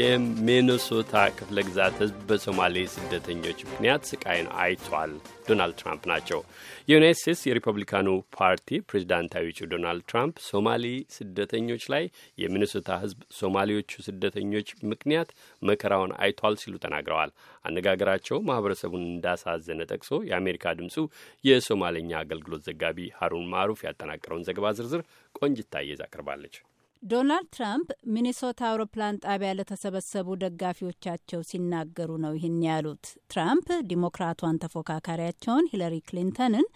የሚኒሶታ ክፍለ ግዛት ህዝብ በሶማሌ ስደተኞች ምክንያት ስቃይን አይቷል። ዶናልድ ትራምፕ ናቸው። የዩናይት ስቴትስ የሪፐብሊካኑ ፓርቲ ፕሬዚዳንታዊ እጩ ዶናልድ ትራምፕ ሶማሌ ስደተኞች ላይ የሚኒሶታ ህዝብ ሶማሌዎቹ ስደተኞች ምክንያት መከራውን አይቷል ሲሉ ተናግረዋል። አነጋገራቸው ማህበረሰቡን እንዳሳዘነ ጠቅሶ የአሜሪካ ድምጹ የሶማሌኛ አገልግሎት ዘጋቢ ሀሩን ማሩፍ ያጠናቀረውን ዘገባ ዝርዝር ቆንጅታ ይዛ አቅርባለች። ዶናልድ ትራምፕ ሚኒሶታ አውሮፕላን ጣቢያ ለተሰበሰቡ ደጋፊዎቻቸው ሲናገሩ ነው ይህን ያሉት። ትራምፕ ዲሞክራቷን ተፎካካሪያቸውን ሂለሪ ክሊንተንን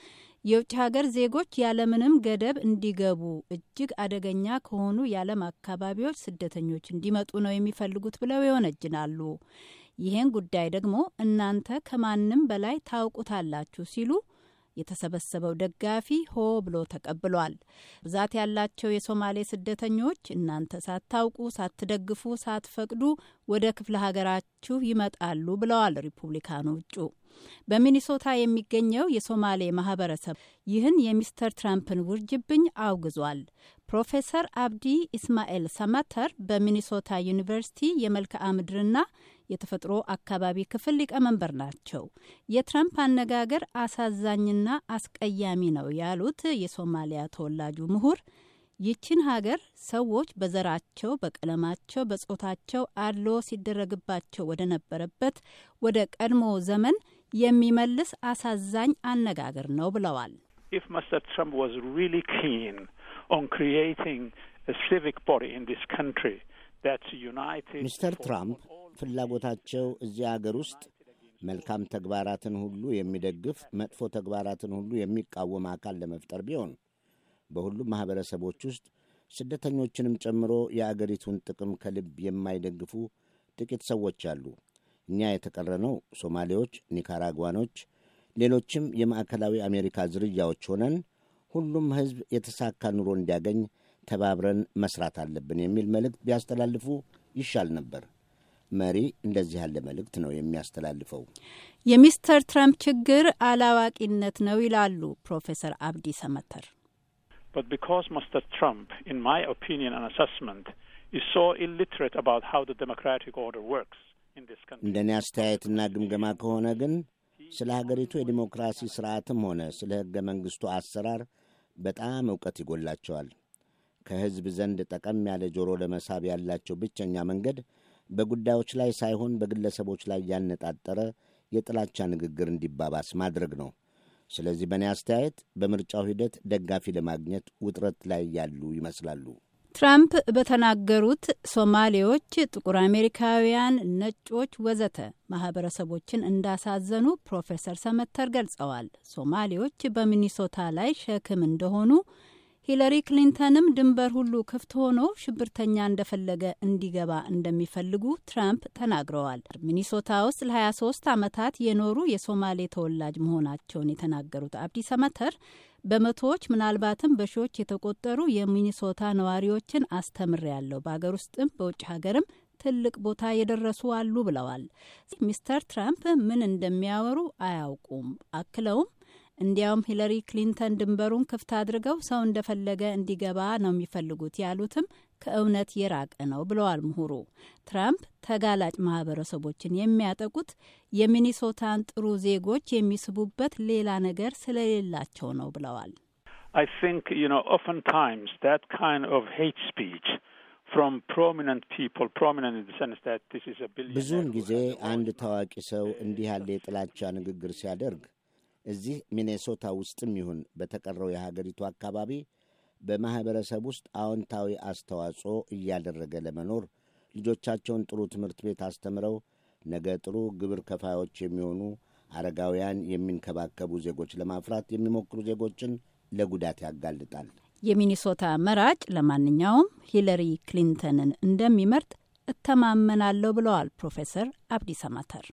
የውጭ ሀገር ዜጎች ያለምንም ገደብ እንዲገቡ እጅግ አደገኛ ከሆኑ የዓለም አካባቢዎች ስደተኞች እንዲመጡ ነው የሚፈልጉት ብለው ይወነጅናሉ። ይህን ጉዳይ ደግሞ እናንተ ከማንም በላይ ታውቁታላችሁ ሲሉ የተሰበሰበው ደጋፊ ሆ ብሎ ተቀብሏል። ብዛት ያላቸው የሶማሌ ስደተኞች እናንተ ሳታውቁ፣ ሳትደግፉ፣ ሳትፈቅዱ ወደ ክፍለ ሀገራችሁ ይመጣሉ ብለዋል ሪፑብሊካኑ እጩ። በሚኒሶታ የሚገኘው የሶማሌ ማህበረሰብ ይህን የሚስተር ትራምፕን ውርጅብኝ አውግዟል። ፕሮፌሰር አብዲ ኢስማኤል ሰማተር በሚኒሶታ ዩኒቨርሲቲ የመልክዓ ምድርና የተፈጥሮ አካባቢ ክፍል ሊቀመንበር ናቸው። የትራምፕ አነጋገር አሳዛኝና አስቀያሚ ነው ያሉት የሶማሊያ ተወላጁ ምሁር ይችን ሀገር ሰዎች በዘራቸው፣ በቀለማቸው፣ በጾታቸው አድሎ ሲደረግባቸው ወደ ነበረበት ወደ ቀድሞ ዘመን የሚመልስ አሳዛኝ አነጋገር ነው ብለዋል። ሚስተር ትራምፕ ፍላጎታቸው እዚያ አገር ውስጥ መልካም ተግባራትን ሁሉ የሚደግፍ መጥፎ ተግባራትን ሁሉ የሚቃወም አካል ለመፍጠር ቢሆን በሁሉም ማኅበረሰቦች ውስጥ ስደተኞችንም ጨምሮ የአገሪቱን ጥቅም ከልብ የማይደግፉ ጥቂት ሰዎች አሉ። እኛ የተቀረነው ሶማሌዎች፣ ኒካራጓኖች፣ ሌሎችም የማዕከላዊ አሜሪካ ዝርያዎች ሆነን ሁሉም ሕዝብ የተሳካ ኑሮ እንዲያገኝ ተባብረን መስራት አለብን የሚል መልእክት ቢያስተላልፉ ይሻል ነበር። መሪ እንደዚህ ያለ መልእክት ነው የሚያስተላልፈው። የሚስተር ትራምፕ ችግር አላዋቂነት ነው ይላሉ ፕሮፌሰር አብዲ ሰመተር። እንደ እኔ አስተያየትና ግምገማ ከሆነ ግን ስለ ሀገሪቱ የዲሞክራሲ ስርዓትም ሆነ ስለ ሕገ መንግሥቱ አሰራር በጣም እውቀት ይጎላቸዋል። ከሕዝብ ዘንድ ጠቀም ያለ ጆሮ ለመሳብ ያላቸው ብቸኛ መንገድ በጉዳዮች ላይ ሳይሆን በግለሰቦች ላይ ያነጣጠረ የጥላቻ ንግግር እንዲባባስ ማድረግ ነው። ስለዚህ በእኔ አስተያየት በምርጫው ሂደት ደጋፊ ለማግኘት ውጥረት ላይ ያሉ ይመስላሉ። ትራምፕ በተናገሩት ሶማሌዎች፣ ጥቁር አሜሪካውያን፣ ነጮች፣ ወዘተ ማህበረሰቦችን እንዳሳዘኑ ፕሮፌሰር ሰመተር ገልጸዋል። ሶማሌዎች በሚኒሶታ ላይ ሸክም እንደሆኑ ሂለሪ ክሊንተንም ድንበር ሁሉ ክፍት ሆኖ ሽብርተኛ እንደፈለገ እንዲገባ እንደሚፈልጉ ትራምፕ ተናግረዋል። ሚኒሶታ ውስጥ ለ23 ዓመታት የኖሩ የሶማሌ ተወላጅ መሆናቸውን የተናገሩት አብዲ ሰመተር በመቶዎች ምናልባትም በሺዎች የተቆጠሩ የሚኒሶታ ነዋሪዎችን አስተምር ያለው በሀገር ውስጥም በውጭ ሀገርም ትልቅ ቦታ የደረሱ አሉ ብለዋል። ሚስተር ትራምፕ ምን እንደሚያወሩ አያውቁም። አክለውም እንዲያውም ሂለሪ ክሊንተን ድንበሩን ክፍት አድርገው ሰው እንደፈለገ እንዲገባ ነው የሚፈልጉት ያሉትም ከእውነት የራቀ ነው ብለዋል ምሁሩ። ትራምፕ ተጋላጭ ማህበረሰቦችን የሚያጠቁት የሚኒሶታን ጥሩ ዜጎች የሚስቡበት ሌላ ነገር ስለሌላቸው ነው ብለዋል። I think, you know, oftentimes that kind ብዙውን ጊዜ አንድ ታዋቂ ሰው እንዲህ ያለ የጥላቻ ንግግር ሲያደርግ እዚህ ሚኔሶታ ውስጥም ይሁን በተቀረው የሀገሪቱ አካባቢ በማኅበረሰብ ውስጥ አዎንታዊ አስተዋጽኦ እያደረገ ለመኖር ልጆቻቸውን ጥሩ ትምህርት ቤት አስተምረው ነገ ጥሩ ግብር ከፋዮች የሚሆኑ አረጋውያን የሚንከባከቡ ዜጎች ለማፍራት የሚሞክሩ ዜጎችን ለጉዳት ያጋልጣል። የሚኒሶታ መራጭ ለማንኛውም ሂለሪ ክሊንተንን እንደሚመርጥ እተማመናለሁ ብለዋል ፕሮፌሰር አብዲሳ ማተር።